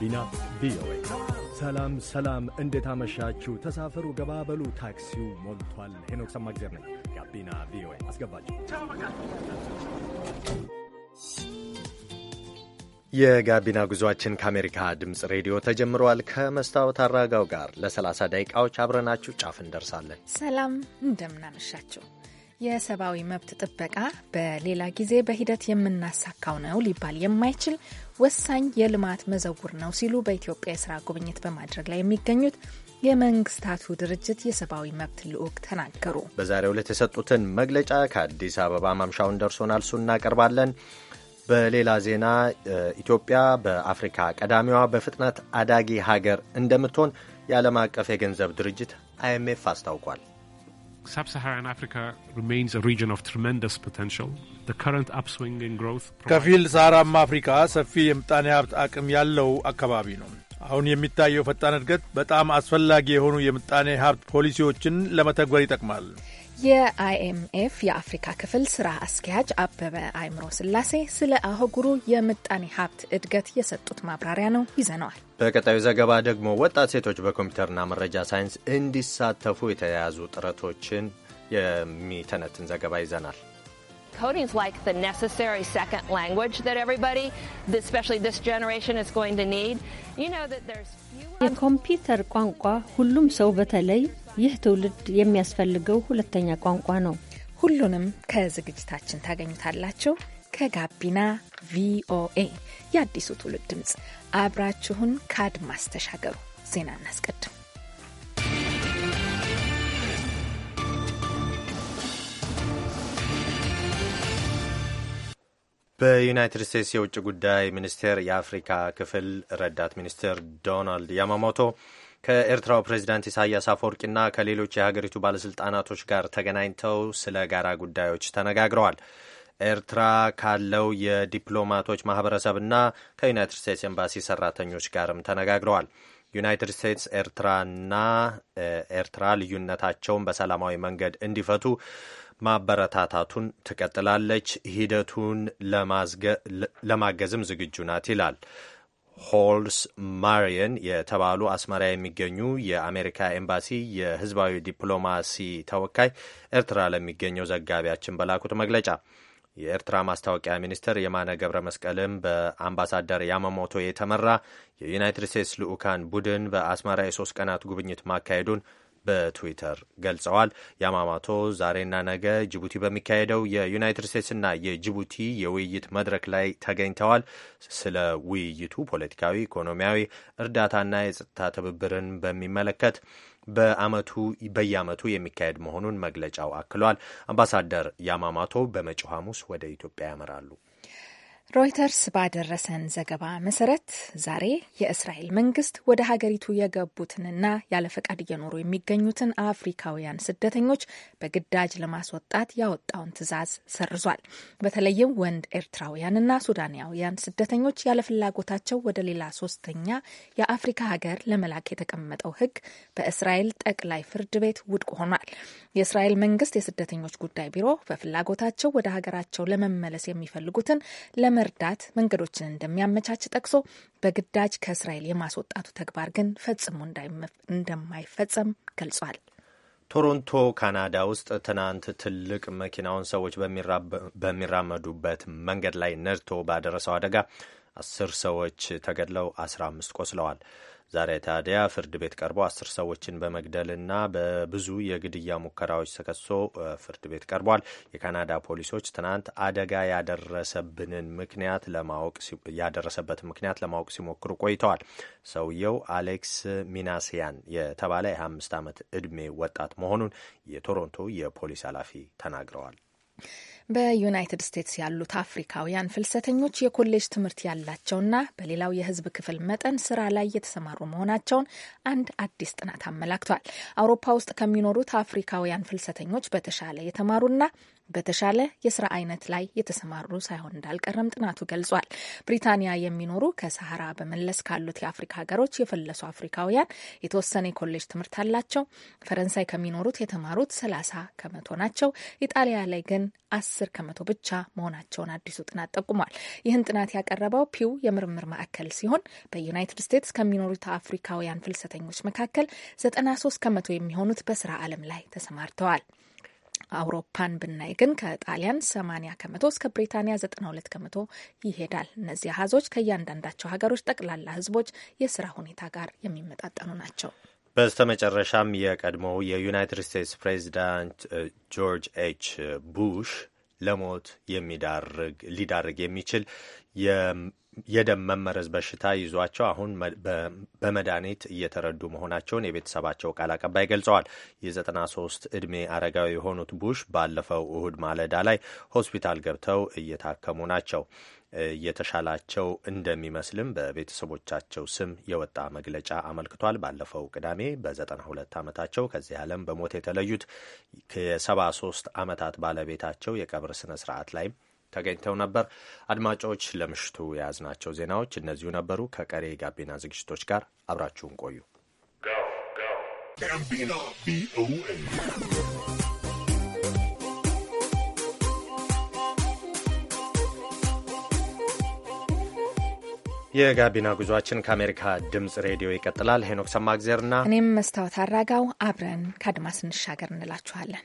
ጋቢና ቪኦኤ። ሰላም ሰላም፣ እንዴት አመሻችሁ? ተሳፈሩ፣ ገባበሉ፣ ታክሲው ሞልቷል። ሄኖክ ሰማግዜር ነኝ። ጋቢና ቪኦኤ ሰላም ሰላም እንዴት አመሻችሁ ተሳፈሩ በሉ ታክሲው ሞልቷል ሄኖክ ሰማግዜር ነኝ ጋቢና ቪኦኤ አስገባችሁ የጋቢና ጉዟችን ከአሜሪካ ድምፅ ሬዲዮ ተጀምሯል። ከመስታወት አራጋው ጋር ለ30 ደቂቃዎች አብረናችሁ ጫፍ እንደርሳለን። ሰላም፣ እንደምናመሻችሁ የሰብአዊ መብት ጥበቃ በሌላ ጊዜ በሂደት የምናሳካው ነው ሊባል የማይችል ወሳኝ የልማት መዘውር ነው ሲሉ በኢትዮጵያ የስራ ጉብኝት በማድረግ ላይ የሚገኙት የመንግስታቱ ድርጅት የሰብአዊ መብት ልዑክ ተናገሩ። በዛሬው ዕለት የሰጡትን መግለጫ ከአዲስ አበባ ማምሻውን ደርሶናል፣ እሱ እናቀርባለን። በሌላ ዜና ኢትዮጵያ በአፍሪካ ቀዳሚዋ በፍጥነት አዳጊ ሀገር እንደምትሆን የዓለም አቀፍ የገንዘብ ድርጅት አይኤምኤፍ አስታውቋል። ከፊል ሰሃራማ አፍሪካ ሰፊ የምጣኔ ሀብት አቅም ያለው አካባቢ ነው። አሁን የሚታየው ፈጣን እድገት በጣም አስፈላጊ የሆኑ የምጣኔ ሀብት ፖሊሲዎችን ለመተግበር ይጠቅማል። የአይኤምኤፍ የአፍሪካ ክፍል ስራ አስኪያጅ አበበ አእምሮ ስላሴ ስለ አህጉሩ የምጣኔ ሀብት እድገት የሰጡት ማብራሪያ ነው። ይዘነዋል። በቀጣዩ ዘገባ ደግሞ ወጣት ሴቶች በኮምፒውተርና መረጃ ሳይንስ እንዲሳተፉ የተያያዙ ጥረቶችን የሚተነትን ዘገባ ይዘናል። Coding's like the necessary second language that everybody, especially this generation, is going to need. You know that there's fewer... የኮምፒውተር ቋንቋ ሁሉም ሰው በተለይ ይህ ትውልድ የሚያስፈልገው ሁለተኛ ቋንቋ ነው። ሁሉንም ከዝግጅታችን ታገኙታላችሁ። ከጋቢና ቪኦኤ የአዲሱ ትውልድ ድምፅ አብራችሁን ከአድማስ ተሻገሩ። ዜና እናስቀድም። በዩናይትድ ስቴትስ የውጭ ጉዳይ ሚኒስቴር የአፍሪካ ክፍል ረዳት ሚኒስትር ዶናልድ ያማሞቶ ከኤርትራው ፕሬዚዳንት ኢሳያስ አፈወርቂና ከሌሎች የሀገሪቱ ባለስልጣናቶች ጋር ተገናኝተው ስለ ጋራ ጉዳዮች ተነጋግረዋል። ኤርትራ ካለው የዲፕሎማቶች ማህበረሰብና ከዩናይትድ ስቴትስ ኤምባሲ ሰራተኞች ጋርም ተነጋግረዋል። ዩናይትድ ስቴትስ ኤርትራና ኤርትራ ልዩነታቸውን በሰላማዊ መንገድ እንዲፈቱ ማበረታታቱን ትቀጥላለች፣ ሂደቱን ለማገዝም ዝግጁ ናት ይላል። ሆልስ ማሪየን የተባሉ አስመራ የሚገኙ የአሜሪካ ኤምባሲ የህዝባዊ ዲፕሎማሲ ተወካይ ኤርትራ ለሚገኘው ዘጋቢያችን በላኩት መግለጫ የኤርትራ ማስታወቂያ ሚኒስትር የማነ ገብረ መስቀልም በአምባሳደር ያማሞቶ የተመራ የዩናይትድ ስቴትስ ልዑካን ቡድን በአስመራ የሶስት ቀናት ጉብኝት ማካሄዱን በትዊተር ገልጸዋል። ያማማቶ ዛሬና ነገ ጅቡቲ በሚካሄደው የዩናይትድ ስቴትስና የጅቡቲ የውይይት መድረክ ላይ ተገኝተዋል። ስለ ውይይቱ ፖለቲካዊ፣ ኢኮኖሚያዊ እርዳታና የጸጥታ ትብብርን በሚመለከት በአመቱ በየአመቱ የሚካሄድ መሆኑን መግለጫው አክሏል። አምባሳደር ያማማቶ በመጪው ሐሙስ ወደ ኢትዮጵያ ያመራሉ። ሮይተርስ ባደረሰን ዘገባ መሰረት ዛሬ የእስራኤል መንግስት ወደ ሀገሪቱ የገቡትንና ያለ ፈቃድ እየኖሩ የሚገኙትን አፍሪካውያን ስደተኞች በግዳጅ ለማስወጣት ያወጣውን ትዕዛዝ ሰርዟል። በተለይም ወንድ ኤርትራውያንና ሱዳናውያን ስደተኞች ያለ ፍላጎታቸው ወደ ሌላ ሶስተኛ የአፍሪካ ሀገር ለመላክ የተቀመጠው ህግ በእስራኤል ጠቅላይ ፍርድ ቤት ውድቅ ሆኗል። የእስራኤል መንግስት የስደተኞች ጉዳይ ቢሮ በፍላጎታቸው ወደ ሀገራቸው ለመመለስ የሚፈልጉትን ለመርዳት መንገዶችን እንደሚያመቻች ጠቅሶ በግዳጅ ከእስራኤል የማስወጣቱ ተግባር ግን ፈጽሞ እንደማይፈጸም ገልጿል። ቶሮንቶ ካናዳ ውስጥ ትናንት ትልቅ መኪናውን ሰዎች በሚራመዱበት መንገድ ላይ ነድቶ ባደረሰው አደጋ አስር ሰዎች ተገድለው አስራ አምስት ቆስለዋል። ዛሬ ታዲያ ፍርድ ቤት ቀርቦ አስር ሰዎችን በመግደልና በብዙ የግድያ ሙከራዎች ተከሶ ፍርድ ቤት ቀርቧል። የካናዳ ፖሊሶች ትናንት አደጋ ያደረሰብንን ምክንያት ለማወቅ ያደረሰበትን ምክንያት ለማወቅ ሲሞክሩ ቆይተዋል። ሰውየው አሌክስ ሚናሲያን የተባለ የ25 ዓመት ዕድሜ ወጣት መሆኑን የቶሮንቶ የፖሊስ ኃላፊ ተናግረዋል። በዩናይትድ ስቴትስ ያሉት አፍሪካውያን ፍልሰተኞች የኮሌጅ ትምህርት ያላቸውና በሌላው የሕዝብ ክፍል መጠን ስራ ላይ የተሰማሩ መሆናቸውን አንድ አዲስ ጥናት አመላክቷል። አውሮፓ ውስጥ ከሚኖሩት አፍሪካውያን ፍልሰተኞች በተሻለ የተማሩና በተሻለ የስራ አይነት ላይ የተሰማሩ ሳይሆን እንዳልቀረም ጥናቱ ገልጿል። ብሪታንያ የሚኖሩ ከሰሃራ በመለስ ካሉት የአፍሪካ ሀገሮች የፈለሱ አፍሪካውያን የተወሰነ የኮሌጅ ትምህርት አላቸው። ፈረንሳይ ከሚኖሩት የተማሩት ሰላሳ ከመቶ ናቸው። ኢጣሊያ ላይ ግን አስር ከመቶ ብቻ መሆናቸውን አዲሱ ጥናት ጠቁሟል። ይህን ጥናት ያቀረበው ፒው የምርምር ማዕከል ሲሆን በዩናይትድ ስቴትስ ከሚኖሩት አፍሪካውያን ፍልሰተኞች መካከል 93 ከመቶ የሚሆኑት በስራ ዓለም ላይ ተሰማርተዋል። አውሮፓን ብናይ ግን ከጣሊያን 80 ከመቶ እስከ ብሪታንያ 92 ከመቶ ይሄዳል። እነዚህ አሃዞች ከእያንዳንዳቸው ሀገሮች ጠቅላላ ህዝቦች የስራ ሁኔታ ጋር የሚመጣጠኑ ናቸው። በስተመጨረሻም የቀድሞው የዩናይትድ ስቴትስ ፕሬዚዳንት ጆርጅ ኤች ቡሽ ለሞት የሚዳርግ ሊዳርግ የሚችል የደም መመረዝ በሽታ ይዟቸው አሁን በመድኃኒት እየተረዱ መሆናቸውን የቤተሰባቸው ቃል አቀባይ ገልጸዋል። የ93 ዕድሜ አረጋዊ የሆኑት ቡሽ ባለፈው እሁድ ማለዳ ላይ ሆስፒታል ገብተው እየታከሙ ናቸው። እየተሻላቸው እንደሚመስልም በቤተሰቦቻቸው ስም የወጣ መግለጫ አመልክቷል። ባለፈው ቅዳሜ በ92 ዓመታቸው ከዚህ ዓለም በሞት የተለዩት ከ 73 ዓመታት ባለቤታቸው የቀብር ስነ ስርዓት ላይም ተገኝተው ነበር። አድማጮች፣ ለምሽቱ የያዝናቸው ዜናዎች እነዚሁ ነበሩ። ከቀሬ ጋቢና ዝግጅቶች ጋር አብራችሁን ቆዩ። የጋቢና ጉዟችን ከአሜሪካ ድምፅ ሬዲዮ ይቀጥላል። ሄኖክ ሰማግዜርና እኔም መስታወት አራጋው አብረን ከአድማስ እንሻገር እንላችኋለን።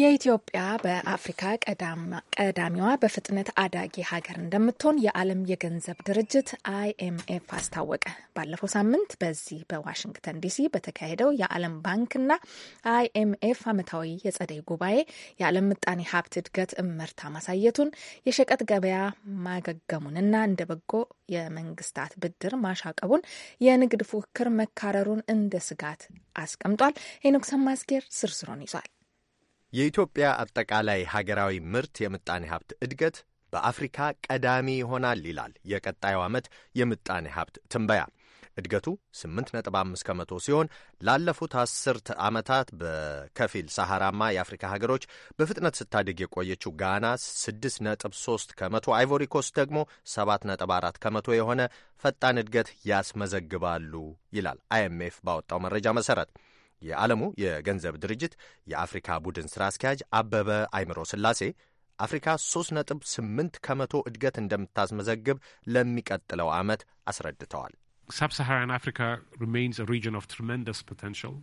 የኢትዮጵያ በአፍሪካ ቀዳሚዋ በፍጥነት አዳጊ ሀገር እንደምትሆን የዓለም የገንዘብ ድርጅት አይኤምኤፍ አስታወቀ። ባለፈው ሳምንት በዚህ በዋሽንግተን ዲሲ በተካሄደው የዓለም ባንክና አይኤምኤፍ ዓመታዊ የጸደይ ጉባኤ የዓለም ምጣኔ ሀብት እድገት እመርታ ማሳየቱን፣ የሸቀጥ ገበያ ማገገሙንና እንደ በጎ የመንግስታት ብድር ማሻቀቡን፣ የንግድ ፉክክር መካረሩን እንደ ስጋት አስቀምጧል። ሄኖክ ሰማዝጌር ዝርዝሩን ይዟል። የኢትዮጵያ አጠቃላይ ሀገራዊ ምርት የምጣኔ ሀብት እድገት በአፍሪካ ቀዳሚ ይሆናል ይላል የቀጣዩ ዓመት የምጣኔ ሀብት ትንበያ። እድገቱ 8.5 ከመቶ ሲሆን ላለፉት አስርት ዓመታት በከፊል ሰሐራማ የአፍሪካ ሀገሮች በፍጥነት ስታድግ የቆየችው ጋና 6.3 ከመቶ፣ አይቮሪኮስ ደግሞ 7.4 ከመቶ የሆነ ፈጣን እድገት ያስመዘግባሉ ይላል አይኤምኤፍ ባወጣው መረጃ መሠረት። የዓለሙ የገንዘብ ድርጅት የአፍሪካ ቡድን ሥራ አስኪያጅ አበበ አይምሮ ስላሴ አፍሪካ 3.8 ከመቶ እድገት እንደምታስመዘግብ ለሚቀጥለው ዓመት አስረድተዋል። ሳብሳሃራን አፍሪካ ሪሜይንስ ሪጅን ኦፍ ትሪመንደስ ፖቴንሻል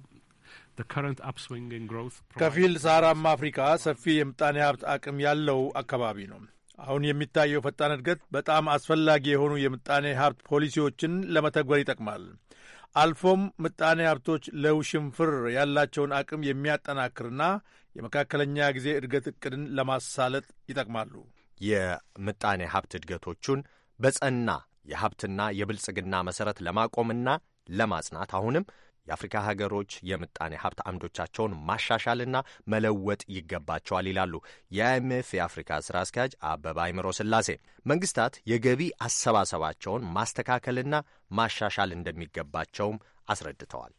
ከፊል ሰሃራማ አፍሪካ ሰፊ የምጣኔ ሀብት አቅም ያለው አካባቢ ነው። አሁን የሚታየው ፈጣን እድገት በጣም አስፈላጊ የሆኑ የምጣኔ ሀብት ፖሊሲዎችን ለመተግበር ይጠቅማል። አልፎም ምጣኔ ሀብቶች ለውሽንፍር ያላቸውን አቅም የሚያጠናክርና የመካከለኛ ጊዜ እድገት እቅድን ለማሳለጥ ይጠቅማሉ። የምጣኔ ሀብት እድገቶቹን በጸና የሀብትና የብልጽግና መሠረት ለማቆምና ለማጽናት አሁንም የአፍሪካ ሀገሮች የምጣኔ ሀብት አምዶቻቸውን ማሻሻልና መለወጥ ይገባቸዋል ይላሉ የአይኤምኤፍ የአፍሪካ ስራ አስኪያጅ አበባ አይምሮ ስላሴ። መንግስታት የገቢ አሰባሰባቸውን ማስተካከልና ማሻሻል እንደሚገባቸውም አስረድተዋል።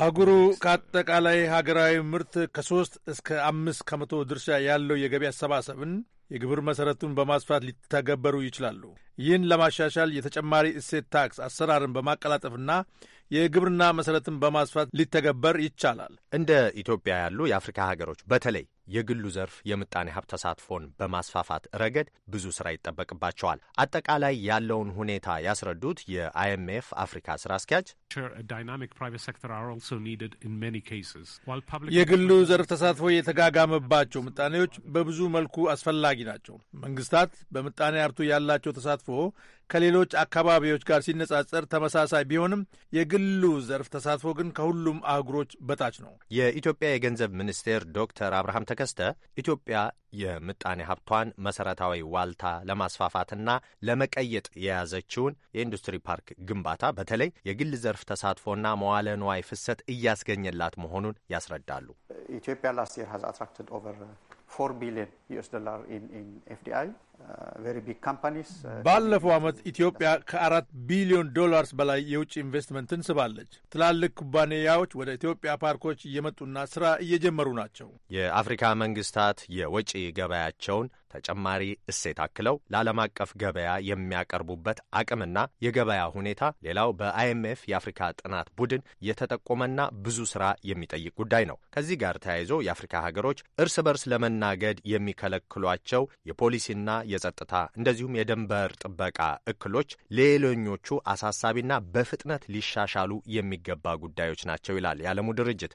አህጉሩ ከአጠቃላይ ሀገራዊ ምርት ከሶስት እስከ አምስት ከመቶ ድርሻ ያለው የገቢ አሰባሰብን የግብር መሰረቱን በማስፋት ሊተገበሩ ይችላሉ። ይህን ለማሻሻል የተጨማሪ እሴት ታክስ አሰራርን በማቀላጠፍና የግብርና መሰረትን በማስፋት ሊተገበር ይቻላል። እንደ ኢትዮጵያ ያሉ የአፍሪካ ሀገሮች በተለይ የግሉ ዘርፍ የምጣኔ ሀብት ተሳትፎን በማስፋፋት ረገድ ብዙ ስራ ይጠበቅባቸዋል። አጠቃላይ ያለውን ሁኔታ ያስረዱት የአይኤምኤፍ አፍሪካ ስራ አስኪያጅ የግሉ ዘርፍ ተሳትፎ የተጋጋመባቸው ምጣኔዎች በብዙ መልኩ አስፈላጊ ናቸው። መንግስታት በምጣኔ ሀብቱ ያላቸው ተሳትፎ ከሌሎች አካባቢዎች ጋር ሲነጻጸር ተመሳሳይ ቢሆንም የግሉ ዘርፍ ተሳትፎ ግን ከሁሉም አህጉሮች በታች ነው። የኢትዮጵያ የገንዘብ ሚኒስቴር ዶክተር አብርሃም ተከስተ ኢትዮጵያ የምጣኔ ሀብቷን መሰረታዊ ዋልታ ለማስፋፋትና ለመቀየጥ የያዘችውን የኢንዱስትሪ ፓርክ ግንባታ በተለይ የግል ዘርፍ ተሳትፎና መዋለ ንዋይ ፍሰት እያስገኘላት መሆኑን ያስረዳሉ። ኢትዮጵያ ላስት የር ሀዝ አትራክትድ ኦቨር ፎር ቢሊዮን ዩኤስ ዶላር ኢን ኤፍዲአይ Uh, uh, ባለፈው ዓመት ኢትዮጵያ ከአራት ቢሊዮን ዶላርስ በላይ የውጭ ኢንቨስትመንትን ስባለች። ትላልቅ ኩባንያዎች ወደ ኢትዮጵያ ፓርኮች እየመጡና ስራ እየጀመሩ ናቸው። የአፍሪካ መንግስታት የወጪ ገበያቸውን ተጨማሪ እሴት አክለው ለዓለም አቀፍ ገበያ የሚያቀርቡበት አቅምና የገበያ ሁኔታ ሌላው በአይኤምኤፍ የአፍሪካ ጥናት ቡድን የተጠቆመና ብዙ ስራ የሚጠይቅ ጉዳይ ነው። ከዚህ ጋር ተያይዞ የአፍሪካ ሀገሮች እርስ በርስ ለመናገድ የሚከለክሏቸው የፖሊሲና የጸጥታ እንደዚሁም የድንበር ጥበቃ እክሎች ሌሎኞቹ አሳሳቢና በፍጥነት ሊሻሻሉ የሚገባ ጉዳዮች ናቸው ይላል የዓለሙ ድርጅት።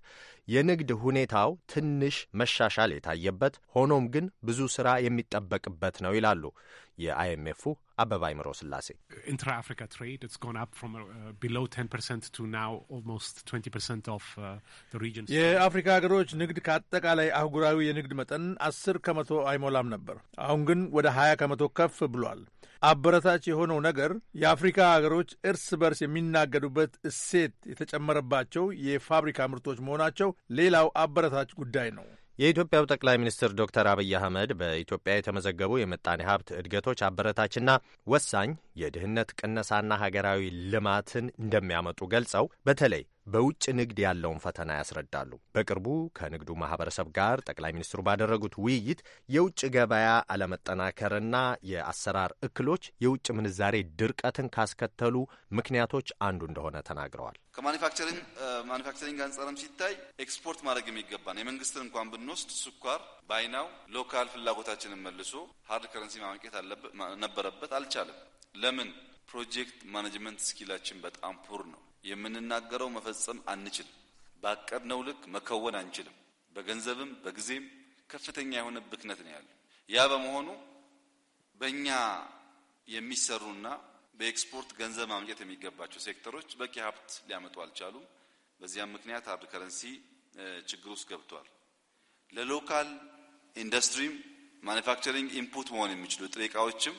የንግድ ሁኔታው ትንሽ መሻሻል የታየበት ሆኖም ግን ብዙ ስራ የሚጠበቅበት ነው ይላሉ የአይኤምኤፉ አበባ ይምሮ ስላሴ ኢንትራ አፍሪካ ትሬድ የአፍሪካ ሀገሮች ንግድ ከአጠቃላይ አህጉራዊ የንግድ መጠን አስር ከመቶ አይሞላም ነበር። አሁን ግን ወደ ሀያ ከመቶ ከፍ ብሏል። አበረታች የሆነው ነገር የአፍሪካ ሀገሮች እርስ በርስ የሚናገዱበት እሴት የተጨመረባቸው የፋብሪካ ምርቶች መሆናቸው ሌላው አበረታች ጉዳይ ነው። የኢትዮጵያው ጠቅላይ ሚኒስትር ዶክተር አብይ አህመድ በኢትዮጵያ የተመዘገቡ የምጣኔ ሀብት እድገቶች አበረታችና ወሳኝ የድህነት ቅነሳና ሀገራዊ ልማትን እንደሚያመጡ ገልጸው በተለይ በውጭ ንግድ ያለውን ፈተና ያስረዳሉ። በቅርቡ ከንግዱ ማህበረሰብ ጋር ጠቅላይ ሚኒስትሩ ባደረጉት ውይይት የውጭ ገበያ አለመጠናከርና የአሰራር እክሎች የውጭ ምንዛሬ ድርቀትን ካስከተሉ ምክንያቶች አንዱ እንደሆነ ተናግረዋል። ከማኒፋክቸሪንግ ማኒፋክቸሪንግ አንጻርም ሲታይ ኤክስፖርት ማድረግ የሚገባን የመንግስትን እንኳን ብንወስድ ስኳር ባይናው ሎካል ፍላጎታችንን መልሶ ሀርድ ከረንሲ ማመቄት ነበረበት፣ አልቻለም። ለምን ፕሮጀክት ማኔጅመንት ስኪላችን በጣም ፑር ነው። የምንናገረው መፈጸም አንችልም። ባቀድነው ልክ መከወን አንችልም። በገንዘብም በጊዜም ከፍተኛ የሆነ ብክነት ነው ያለው። ያ በመሆኑ በእኛ የሚሰሩና በኤክስፖርት ገንዘብ ማምጨት የሚገባቸው ሴክተሮች በቂ ሀብት ሊያመጡ አልቻሉም። በዚያም ምክንያት ሀርድ ከረንሲ ችግር ውስጥ ገብቷል። ለሎካል ኢንዱስትሪም ማኒፋክቸሪንግ ኢንፑት መሆን የሚችሉ ጥሬ እቃዎችም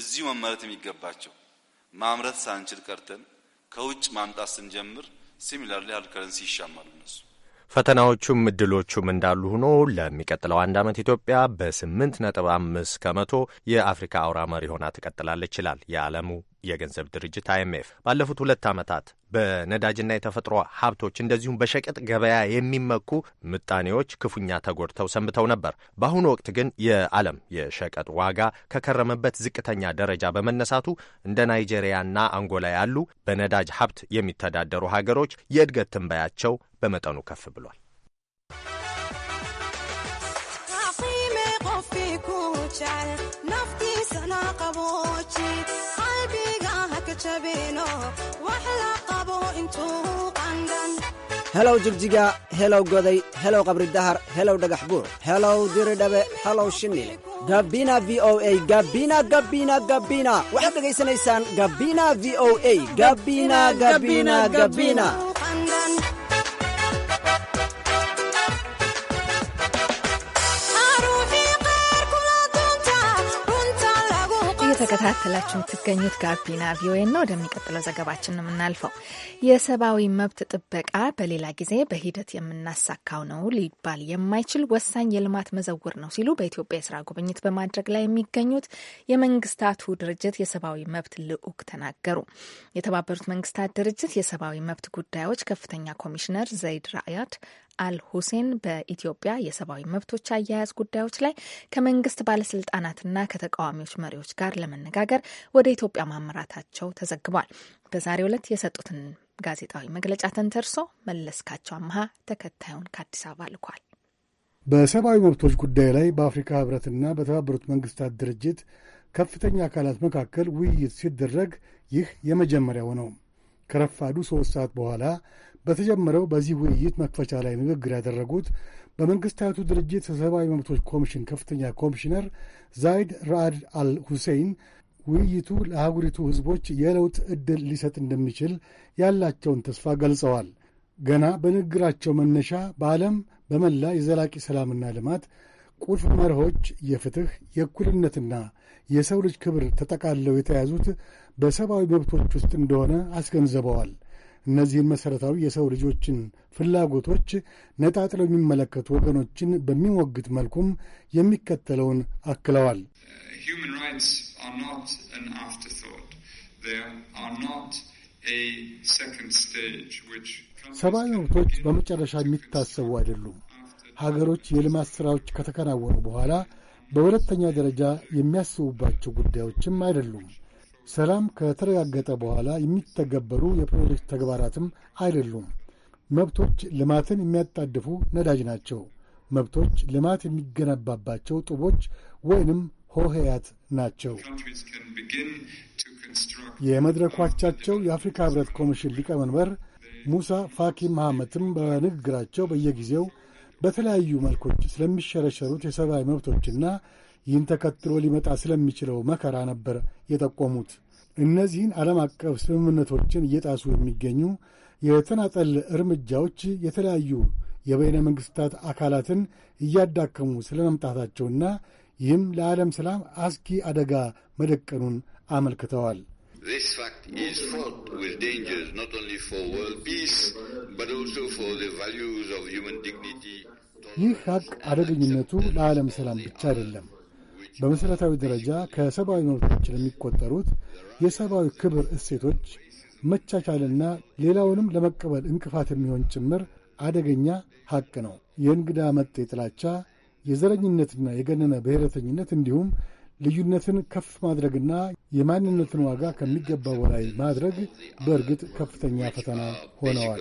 እዚሁ መመረት የሚገባቸው ማምረት ሳንችል ቀርተን ከውጭ ማምጣት ስንጀምር ሲሚላርሊ ሃርድ ከረንሲ ይሻማሉ እነሱ። ፈተናዎቹም እድሎቹም እንዳሉ ሆኖ ለሚቀጥለው አንድ ዓመት ኢትዮጵያ በስምንት ነጥብ አምስት ከመቶ የአፍሪካ አውራ መሪ ሆና ትቀጥላለች ይላል የዓለሙ የገንዘብ ድርጅት አይኤምኤፍ። ባለፉት ሁለት ዓመታት በነዳጅና የተፈጥሮ ሀብቶች እንደዚሁም በሸቀጥ ገበያ የሚመኩ ምጣኔዎች ክፉኛ ተጎድተው ሰንብተው ነበር። በአሁኑ ወቅት ግን የዓለም የሸቀጥ ዋጋ ከከረመበት ዝቅተኛ ደረጃ በመነሳቱ እንደ ናይጄሪያና አንጎላ ያሉ በነዳጅ ሀብት የሚተዳደሩ ሀገሮች የእድገት ትንበያቸው በመጠኑ ከፍ ብሏል። helow jigjiga helow goday helow qabri dahar helow dhagax buur helow diridhabe helow shimile gabina v o a gabina gabina gabina waxaad dhegaysanaysaan gabina v o a gabina gabina gabina እየተከታተላችሁ የምትገኙት ጋቢና ቪኦኤ ነው። ወደሚቀጥለው ዘገባችን የምናልፈው። የሰብአዊ መብት ጥበቃ በሌላ ጊዜ በሂደት የምናሳካው ነው ሊባል የማይችል ወሳኝ የልማት መዘውር ነው ሲሉ በኢትዮጵያ የስራ ጉብኝት በማድረግ ላይ የሚገኙት የመንግስታቱ ድርጅት የሰብአዊ መብት ልዑክ ተናገሩ። የተባበሩት መንግስታት ድርጅት የሰብአዊ መብት ጉዳዮች ከፍተኛ ኮሚሽነር ዘይድ ራእያድ አል ሁሴን በኢትዮጵያ የሰብአዊ መብቶች አያያዝ ጉዳዮች ላይ ከመንግስት ባለስልጣናትና ከተቃዋሚዎች መሪዎች ጋር ለመነጋገር ወደ ኢትዮጵያ ማምራታቸው ተዘግቧል። በዛሬው ዕለት የሰጡትን ጋዜጣዊ መግለጫ ተንተርሶ መለስካቸው አመሃ ተከታዩን ከአዲስ አበባ ልኳል። በሰብአዊ መብቶች ጉዳይ ላይ በአፍሪካ ህብረትና በተባበሩት መንግስታት ድርጅት ከፍተኛ አካላት መካከል ውይይት ሲደረግ ይህ የመጀመሪያው ነው። ከረፋዱ ሦስት ሰዓት በኋላ በተጀመረው በዚህ ውይይት መክፈቻ ላይ ንግግር ያደረጉት በመንግስታቱ ድርጅት የሰብአዊ መብቶች ኮሚሽን ከፍተኛ ኮሚሽነር ዛይድ ራአድ አል ሁሴይን ውይይቱ ለአህጉሪቱ ሕዝቦች የለውጥ ዕድል ሊሰጥ እንደሚችል ያላቸውን ተስፋ ገልጸዋል። ገና በንግግራቸው መነሻ በዓለም በመላ የዘላቂ ሰላምና ልማት ቁልፍ መርሆች የፍትሕ፣ የእኩልነትና የሰው ልጅ ክብር ተጠቃለው የተያዙት በሰብአዊ መብቶች ውስጥ እንደሆነ አስገንዝበዋል። እነዚህን መሠረታዊ የሰው ልጆችን ፍላጎቶች ነጣጥለው የሚመለከቱ ወገኖችን በሚሞግት መልኩም የሚከተለውን አክለዋል። ሰብአዊ መብቶች በመጨረሻ የሚታሰቡ አይደሉም። ሀገሮች የልማት ሥራዎች ከተከናወኑ በኋላ በሁለተኛ ደረጃ የሚያስቡባቸው ጉዳዮችም አይደሉም። ሰላም ከተረጋገጠ በኋላ የሚተገበሩ የፕሮጀክት ተግባራትም አይደሉም። መብቶች ልማትን የሚያጣድፉ ነዳጅ ናቸው። መብቶች ልማት የሚገነባባቸው ጡቦች ወይንም ሆሄያት ናቸው። የመድረኳቻቸው የአፍሪካ ህብረት ኮሚሽን ሊቀመንበር ሙሳ ፋኪ መሐመትም በንግግራቸው በየጊዜው በተለያዩ መልኮች ስለሚሸረሸሩት የሰብአዊ መብቶችና ይህን ተከትሎ ሊመጣ ስለሚችለው መከራ ነበር የጠቆሙት። እነዚህን ዓለም አቀፍ ስምምነቶችን እየጣሱ የሚገኙ የተናጠል እርምጃዎች የተለያዩ የበይነ መንግሥታት አካላትን እያዳከሙ ስለመምጣታቸውና ይህም ለዓለም ሰላም አስጊ አደጋ መደቀኑን አመልክተዋል። This fact is fraught with dangers not only for world peace, but also for the values of human dignity. ይህ ሀቅ አደገኝነቱ ለዓለም ሰላም ብቻ አይደለም። በመሠረታዊ ደረጃ ከሰብአዊ መብቶች ለሚቆጠሩት የሰብአዊ ክብር እሴቶች መቻቻልና ሌላውንም ለመቀበል እንቅፋት የሚሆን ጭምር አደገኛ ሀቅ ነው። የእንግዳ መጤ ጥላቻ፣ የዘረኝነትና የገነነ ብሔረተኝነት እንዲሁም ልዩነትን ከፍ ማድረግና የማንነትን ዋጋ ከሚገባ በላይ ማድረግ በእርግጥ ከፍተኛ ፈተና ሆነዋል።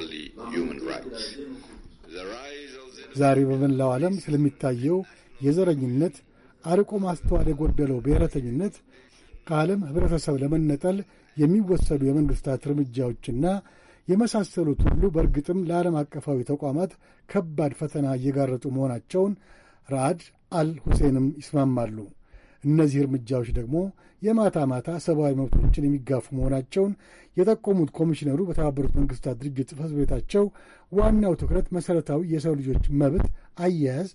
ዛሬ በመላው ዓለም ስለሚታየው የዘረኝነት አርቆ ማስተዋል የጎደለው ብሔረተኝነት ከዓለም ኅብረተሰብ ለመነጠል የሚወሰዱ የመንግሥታት እርምጃዎችና የመሳሰሉት ሁሉ በእርግጥም ለዓለም አቀፋዊ ተቋማት ከባድ ፈተና እየጋረጡ መሆናቸውን ራአድ አል ሁሴንም ይስማማሉ። እነዚህ እርምጃዎች ደግሞ የማታ ማታ ሰብአዊ መብቶችን የሚጋፉ መሆናቸውን የጠቆሙት ኮሚሽነሩ በተባበሩት መንግስታት ድርጅት ጽህፈት ቤታቸው ዋናው ትኩረት መሠረታዊ የሰው ልጆች መብት አያያዝ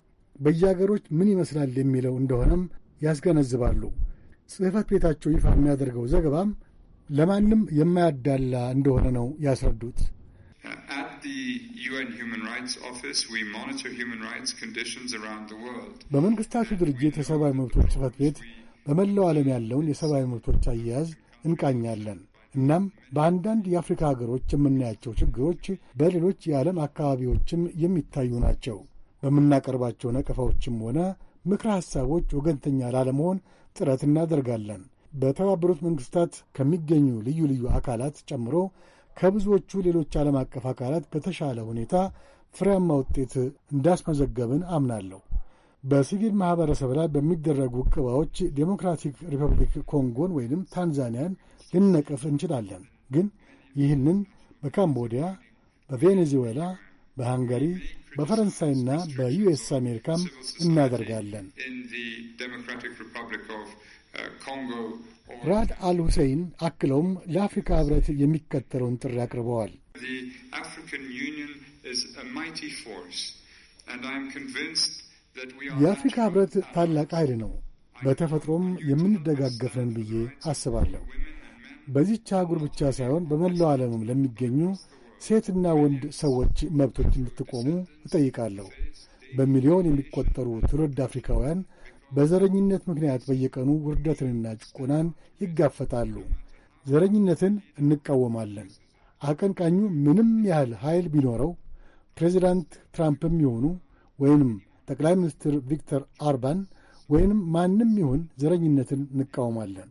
በየአገሮች ምን ይመስላል የሚለው እንደሆነም ያስገነዝባሉ። ጽህፈት ቤታቸው ይፋ የሚያደርገው ዘገባም ለማንም የማያዳላ እንደሆነ ነው ያስረዱት። በመንግስታቱ ድርጅት የሰብአዊ መብቶች ጽፈት ቤት በመላው ዓለም ያለውን የሰብአዊ መብቶች አያያዝ እንቃኛለን። እናም በአንዳንድ የአፍሪካ ሀገሮች የምናያቸው ችግሮች በሌሎች የዓለም አካባቢዎችም የሚታዩ ናቸው። በምናቀርባቸው ነቀፋዎችም ሆነ ምክረ ሐሳቦች ወገንተኛ ላለመሆን ጥረት እናደርጋለን። በተባበሩት መንግስታት ከሚገኙ ልዩ ልዩ አካላት ጨምሮ ከብዙዎቹ ሌሎች ዓለም አቀፍ አካላት በተሻለ ሁኔታ ፍሬያማ ውጤት እንዳስመዘገብን አምናለሁ። በሲቪል ማኅበረሰብ ላይ በሚደረጉ ዕቅባዎች ዴሞክራቲክ ሪፐብሊክ ኮንጎን ወይንም ታንዛኒያን ልንነቅፍ እንችላለን። ግን ይህንን በካምቦዲያ፣ በቬኔዙዌላ፣ በሃንጋሪ፣ በፈረንሳይና በዩኤስ አሜሪካም እናደርጋለን። ራድ አል ሁሴይን አክለውም ለአፍሪካ ህብረት የሚከተለውን ጥሪ አቅርበዋል። የአፍሪካ ህብረት ታላቅ ኃይል ነው። በተፈጥሮም የምንደጋገፍን ብዬ አስባለሁ። በዚህች አህጉር ብቻ ሳይሆን በመላው ዓለምም ለሚገኙ ሴትና ወንድ ሰዎች መብቶች እንድትቆሙ እጠይቃለሁ። በሚሊዮን የሚቆጠሩ ትውልድ አፍሪካውያን በዘረኝነት ምክንያት በየቀኑ ውርደትንና ጭቆናን ይጋፈጣሉ። ዘረኝነትን እንቃወማለን። አቀንቃኙ ምንም ያህል ኃይል ቢኖረው ፕሬዚዳንት ትራምፕም ይሆኑ ወይንም ጠቅላይ ሚኒስትር ቪክተር አርባን ወይንም ማንም ይሁን ዘረኝነትን እንቃወማለን።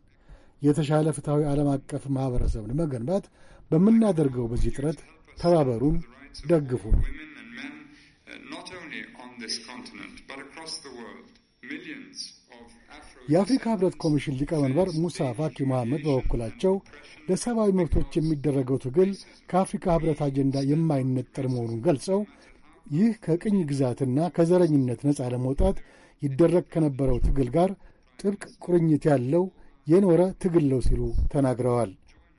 የተሻለ ፍትሐዊ ዓለም አቀፍ ማኅበረሰብ ለመገንባት በምናደርገው በዚህ ጥረት ተባበሩን፣ ደግፉን። የአፍሪካ ህብረት ኮሚሽን ሊቀመንበር ሙሳ ፋኪ መሐመድ በበኩላቸው ለሰብአዊ መብቶች የሚደረገው ትግል ከአፍሪካ ህብረት አጀንዳ የማይነጠር መሆኑን ገልጸው ይህ ከቅኝ ግዛትና ከዘረኝነት ነፃ ለመውጣት ይደረግ ከነበረው ትግል ጋር ጥብቅ ቁርኝት ያለው የኖረ ትግል ነው ሲሉ ተናግረዋል።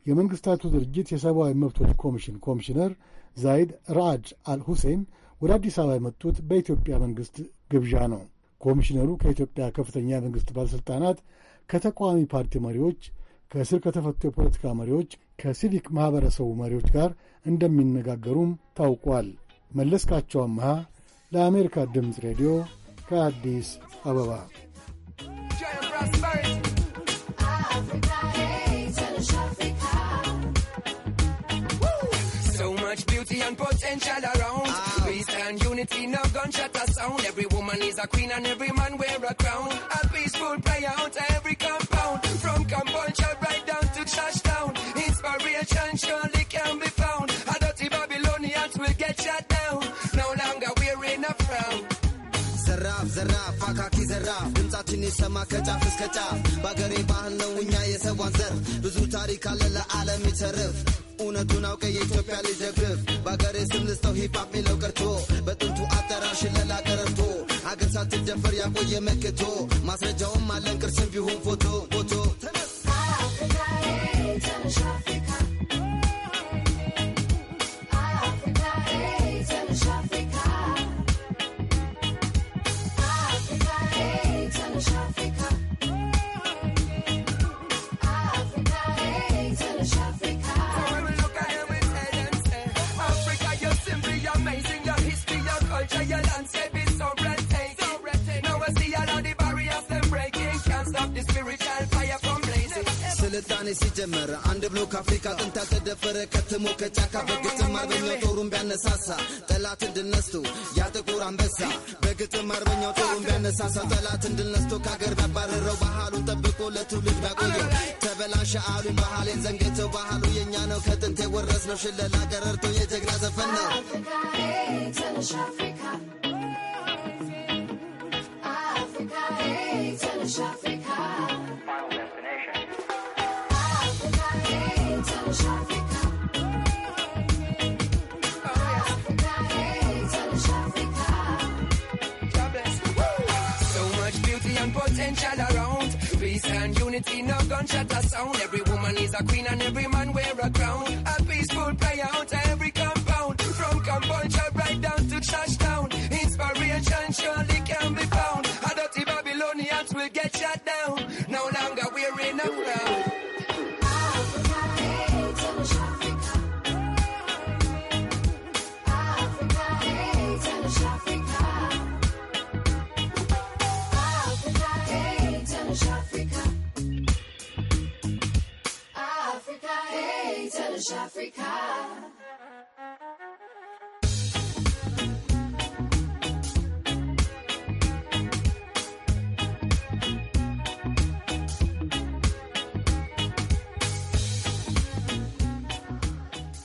የመንግሥታቱ ድርጅት የሰብአዊ መብቶች ኮሚሽን ኮሚሽነር ዛይድ ራአድ አልሁሴን ወደ አዲስ አበባ የመጡት በኢትዮጵያ መንግሥት ግብዣ ነው። ኮሚሽነሩ ከኢትዮጵያ ከፍተኛ የመንግሥት ባለሥልጣናት፣ ከተቃዋሚ ፓርቲ መሪዎች፣ ከእስር ከተፈቱ የፖለቲካ መሪዎች፣ ከሲቪክ ማኅበረሰቡ መሪዎች ጋር እንደሚነጋገሩም ታውቋል። መለስካቸው አመሃ ለአሜሪካ ድምፅ ሬዲዮ ከአዲስ አበባ much beauty and potential around. Ah. and stand unity, no gunshot a sound. Every woman is a queen and every man wear a crown. A peaceful prayer out every compound. From Cambodia right down to Chashtown. Inspiration surely can be found. A dirty Babylonians will get shut down. No longer wearing a frown. ዘራፍ ዘራፍ አካኪ ዘራፍ ድምጻችን ይሰማ ከጫፍ እስከ ጫፍ በአገሬ ባህል ነው እኛ የሰዋን ዘርፍ ብዙ ታሪክ አለ ለዓለም ይተርፍ እውነቱን አውቀ የኢትዮጵያ ልጅ ደግፍ በአገሬ ስም ልስተው ሂፓፕ ሚለው ቀርቶ በጥንቱ አጠራር ሽለላ ቀረርቶ አገር ሳትደፈር ያቆየ መክቶ ማስረጃውም አለን ቅርስም ቢሆን ፎቶ ጀመረ አንድ ብሎ ከአፍሪካ ጥንት ያልተደፈረ ከትሞ ከጫካ በግጥም አርበኛው ጦሩን ቢያነሳሳ ጠላት እንድነስቶ ያ ጥቁር አንበሳ በግጥም አርበኛው ጦሩን ቢያነሳሳ ጠላት እንድነስቶ ከአገር ቢያባረረው ባህሉን ጠብቆ ለትውልድ ቢያቆየው ተበላሸ አሉኝ ባህሌን ዘንግተው ባህሉ የእኛ ነው ከጥንት ነው ሽለላ ገረርቶ የጀግና ዘፈን ነው Africa, hey, tell us Africa. all around. Peace and unity, no gunshot or sound. Every woman is a queen and every man wear a crown. A peaceful prayer out every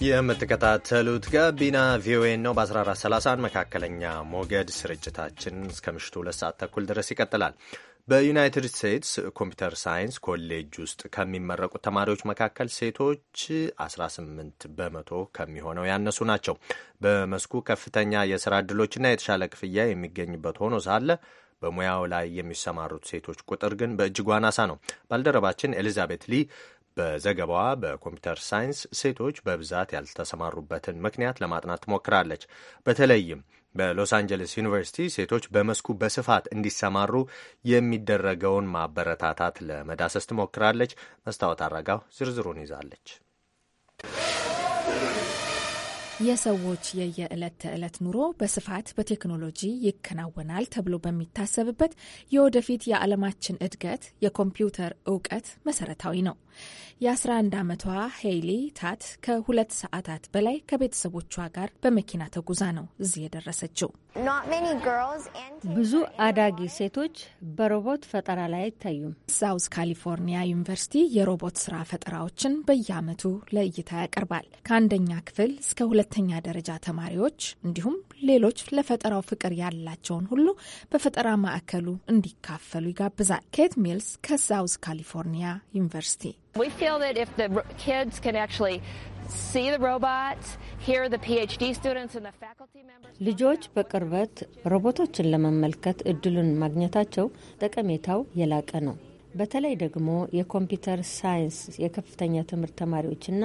የምትከታተሉት ጋቢና ቪኦኤ ነው። በ1431 መካከለኛ ሞገድ ስርጭታችን እስከ ምሽቱ ሁለት ሰዓት ተኩል ድረስ ይቀጥላል። በዩናይትድ ስቴትስ ኮምፒውተር ሳይንስ ኮሌጅ ውስጥ ከሚመረቁት ተማሪዎች መካከል ሴቶች 18 በመቶ ከሚሆነው ያነሱ ናቸው። በመስኩ ከፍተኛ የስራ ዕድሎችና የተሻለ ክፍያ የሚገኝበት ሆኖ ሳለ በሙያው ላይ የሚሰማሩት ሴቶች ቁጥር ግን በእጅጉ አናሳ ነው። ባልደረባችን ኤሊዛቤት ሊ በዘገባዋ በኮምፒውተር ሳይንስ ሴቶች በብዛት ያልተሰማሩበትን ምክንያት ለማጥናት ትሞክራለች። በተለይም በሎስ አንጀለስ ዩኒቨርሲቲ ሴቶች በመስኩ በስፋት እንዲሰማሩ የሚደረገውን ማበረታታት ለመዳሰስ ትሞክራለች። መስታወት አረጋው ዝርዝሩን ይዛለች። የሰዎች የየዕለት ተዕለት ኑሮ በስፋት በቴክኖሎጂ ይከናወናል ተብሎ በሚታሰብበት የወደፊት የዓለማችን እድገት የኮምፒውተር እውቀት መሰረታዊ ነው። የ11 ዓመቷ ሄይሊ ታት ከሁለት ሰዓታት በላይ ከቤተሰቦቿ ጋር በመኪና ተጉዛ ነው እዚህ የደረሰችው። ብዙ አዳጊ ሴቶች በሮቦት ፈጠራ ላይ አይታዩም። ሳውዝ ካሊፎርኒያ ዩኒቨርሲቲ የሮቦት ስራ ፈጠራዎችን በየዓመቱ ለእይታ ያቀርባል። ከአንደኛ ክፍል እስከ ሁለተኛ ደረጃ ተማሪዎች እንዲሁም ሌሎች ለፈጠራው ፍቅር ያላቸውን ሁሉ በፈጠራ ማዕከሉ እንዲካፈሉ ይጋብዛል። ኬት ሚልስ ከሳውዝ ካሊፎርኒያ ዩኒቨርሲቲ ልጆች በቅርበት ሮቦቶችን ለመመልከት እድሉን ማግኘታቸው ጠቀሜታው የላቀ ነው። በተለይ ደግሞ የኮምፒውተር ሳይንስ የከፍተኛ ትምህርት ተማሪዎችና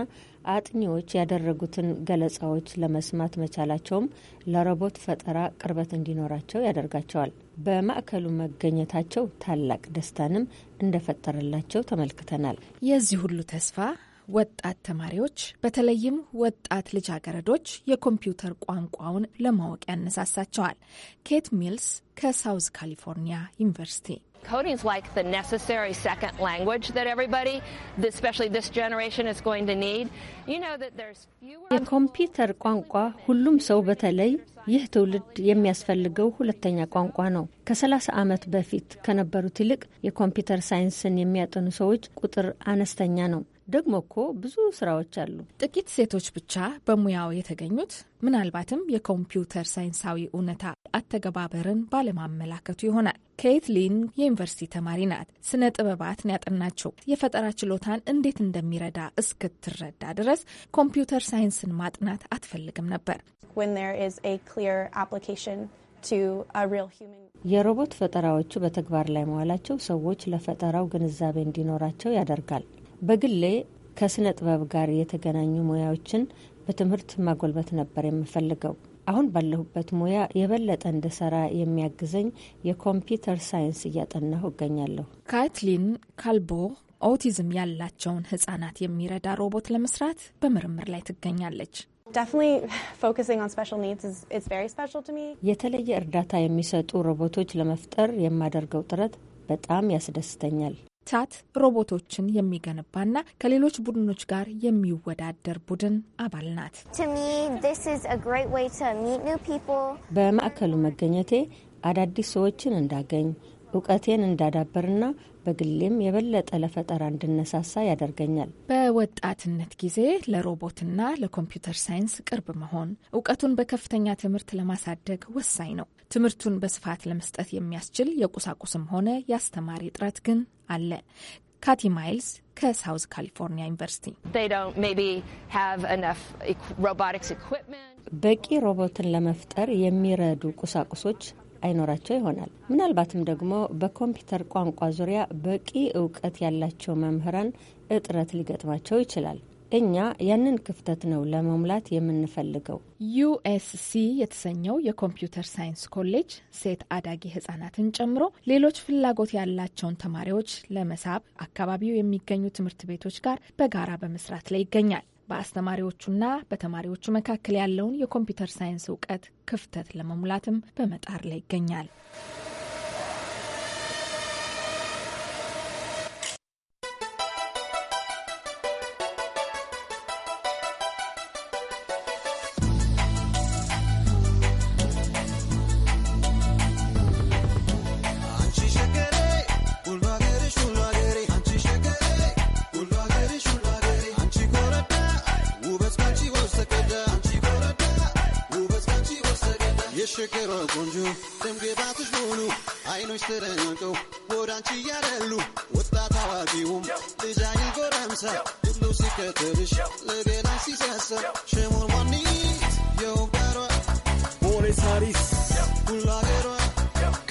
አጥኚዎች ያደረጉትን ገለጻዎች ለመስማት መቻላቸውም ለሮቦት ፈጠራ ቅርበት እንዲኖራቸው ያደርጋቸዋል። በማዕከሉ መገኘታቸው ታላቅ ደስታንም እንደፈጠረላቸው ተመልክተናል። የዚህ ሁሉ ተስፋ ወጣት ተማሪዎች በተለይም ወጣት ልጃገረዶች የኮምፒውተር ቋንቋውን ለማወቅ ያነሳሳቸዋል። ኬት ሚልስ ከሳውዝ ካሊፎርኒያ ዩኒቨርሲቲ Coding's like the necessary second language that everybody, especially this generation, is going to need. You know that there's fewer. የኮምፒውተር ቋንቋ ሁሉም ሰው በተለይ ይህ ትውልድ የሚያስፈልገው ሁለተኛ ቋንቋ ነው። ከ30 ዓመት በፊት ከነበሩት ይልቅ የኮምፒውተር ሳይንስን የሚያጠኑ ሰዎች ቁጥር አነስተኛ ነው። ደግሞ እኮ ብዙ ስራዎች አሉ። ጥቂት ሴቶች ብቻ በሙያው የተገኙት ምናልባትም የኮምፒውተር ሳይንሳዊ እውነታ አተገባበርን ባለማመላከቱ ይሆናል። ኬትሊን የዩኒቨርሲቲ ተማሪ ናት። ስነ ጥበባትን ያጠናችው የፈጠራ ችሎታን እንዴት እንደሚረዳ እስክትረዳ ድረስ ኮምፒውተር ሳይንስን ማጥናት አትፈልግም ነበር። የሮቦት ፈጠራዎቹ በተግባር ላይ መዋላቸው ሰዎች ለፈጠራው ግንዛቤ እንዲኖራቸው ያደርጋል። በግሌ ከስነ ጥበብ ጋር የተገናኙ ሙያዎችን በትምህርት ማጎልበት ነበር የምፈልገው። አሁን ባለሁበት ሙያ የበለጠ እንድሰራ የሚያግዘኝ የኮምፒውተር ሳይንስ እያጠናሁ እገኛለሁ። ካትሊን ካልቦ ኦቲዝም ያላቸውን ህጻናት የሚረዳ ሮቦት ለመስራት በምርምር ላይ ትገኛለች። የተለየ እርዳታ የሚሰጡ ሮቦቶች ለመፍጠር የማደርገው ጥረት በጣም ያስደስተኛል። ቻት ሮቦቶችን የሚገነባና ከሌሎች ቡድኖች ጋር የሚወዳደር ቡድን አባል ናት። በማዕከሉ መገኘቴ አዳዲስ ሰዎችን እንዳገኝ እውቀቴን እንዳዳበርና በግሌም የበለጠ ለፈጠራ እንድነሳሳ ያደርገኛል። በወጣትነት ጊዜ ለሮቦትና ለኮምፒውተር ሳይንስ ቅርብ መሆን እውቀቱን በከፍተኛ ትምህርት ለማሳደግ ወሳኝ ነው። ትምህርቱን በስፋት ለመስጠት የሚያስችል የቁሳቁስም ሆነ የአስተማሪ እጥረት ግን አለ። ካቲ ማይልስ ከሳውዝ ካሊፎርኒያ ዩኒቨርሲቲ በቂ ሮቦትን ለመፍጠር የሚረዱ ቁሳቁሶች አይኖራቸው ይሆናል። ምናልባትም ደግሞ በኮምፒውተር ቋንቋ ዙሪያ በቂ እውቀት ያላቸው መምህራን እጥረት ሊገጥማቸው ይችላል። እኛ ያንን ክፍተት ነው ለመሙላት የምንፈልገው። ዩኤስሲ የተሰኘው የኮምፒውተር ሳይንስ ኮሌጅ ሴት አዳጊ ህጻናትን ጨምሮ ሌሎች ፍላጎት ያላቸውን ተማሪዎች ለመሳብ አካባቢው የሚገኙ ትምህርት ቤቶች ጋር በጋራ በመስራት ላይ ይገኛል። በአስተማሪዎቹና በተማሪዎቹ መካከል ያለውን የኮምፒውተር ሳይንስ እውቀት ክፍተት ለመሙላትም በመጣር ላይ ይገኛል። ደምግባቶች ሙሉ አይኖች ተደናንቀው ወዳንቺ እያደሉ ወጣት አዋቂውም ልጅ አይል ጎረምሳ ሁሉ ሲከተልሽ ለገና ሲሳሳ ሽሙር ማኒት የውበሯ ቦሌስ አዲስ ሁሉ አገሯ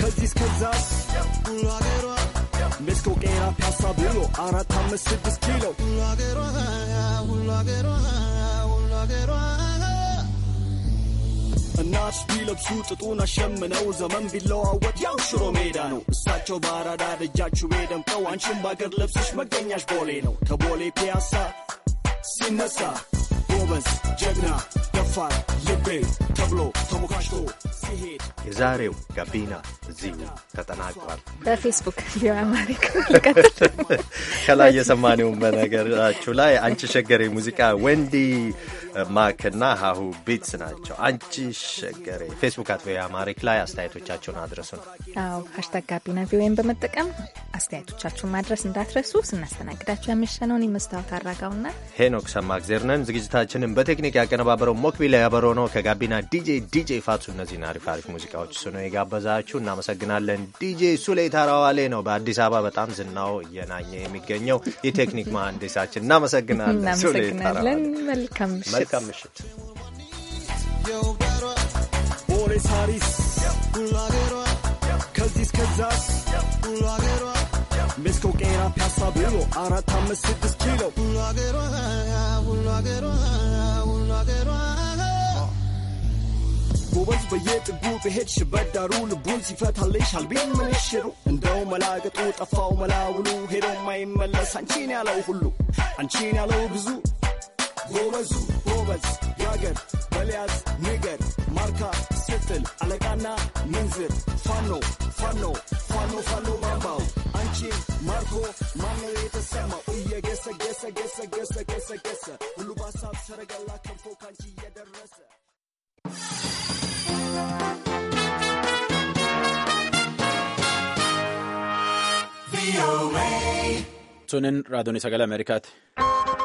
ከዚስ ከዛስ ሁሉ አገሯ ሜስኮ ቄራ ፒያሳ ብሎ አራት አምስት ስድስት ኪሎ ሁሉ አገሯ ሁሉ አገሯ ሁሉ አገሯ እናት ቢለብሱ ጥጡን አሸምነው ዘመን ቢለዋወጥ ያው ሽሮ ሜዳ ነው። እሳቸው ባራዳ ደጃችሁ ደምቀው አንቺም በአገር ለብሰሽ መገኛሽ ቦሌ ነው። ከቦሌ ፒያሳ ሲነሳ ጎበዝ፣ ጀግና፣ ደፋር ልቤ ተብሎ ተሞካሽቶ ሲሄድ የዛሬው ጋቢና እዚሁ ተጠናቅቋል። በፌስቡክ ከላይ የሰማነውን በነገራችሁ ላይ አንቺ ሸገሬ ሙዚቃ ወንዲ ማክና ሀሁ ቢትስ ናቸው። አንቺ ሸገሬ ፌስቡክ አት ቪኦኤ አማሪክ ላይ አስተያየቶቻችሁን አድረሱ ነው። አዎ ሀሽታግ ጋቢና ቪኦኤን በመጠቀም አስተያየቶቻችሁን ማድረስ እንዳትረሱ። ስናስተናግዳቸው ያመሸነውን የመስታወት አራጋውና ሄኖክ ሰማእግዜር ነን። ዝግጅታችንን በቴክኒክ ያቀነባበረው ሞክቢል ያበረው ነው። ከጋቢና ዲጄ ዲጄ ፋቱ እነዚህን አሪፍ አሪፍ ሙዚቃዎች እሱ ነው የጋበዛችሁ። እናመሰግናለን። ዲጄ ሱሌ ታራዋሌ ነው በአዲስ አበባ በጣም ዝናው እየናኘ የሚገኘው የቴክኒክ መሀንዲሳችን። እናመሰግናለን መልካም መልካም ምሽት። ጎበዝ በየጥጉ ብሄድሽ በዳሩ ልቡን ሲፈታልሽ አልቤን ምንሽሩ እንደው መላቅጡ ጠፋው መላውሉ ሄዶ ማይመለስ አንቺን ያለው ሁሉ አንቺን ያለው ብዙ ጎበዙ ጎበዝ ያገር በለያዝ ንገር ማርካ ስትል አለቃና ምንዝር ፋኖ ፋኖ ፋኖ ፋኖ ባምባው አንቺ ማርኮ ማነው የተሰማው እየገሰ ገሰ ገሰ ገሰ ገሰ ገሰ ሁሉ በሀሳብ ሰረገላ ከንፎ ካንቺ እየደረሰ Sunnen raadiooni sagale Ameerikaati.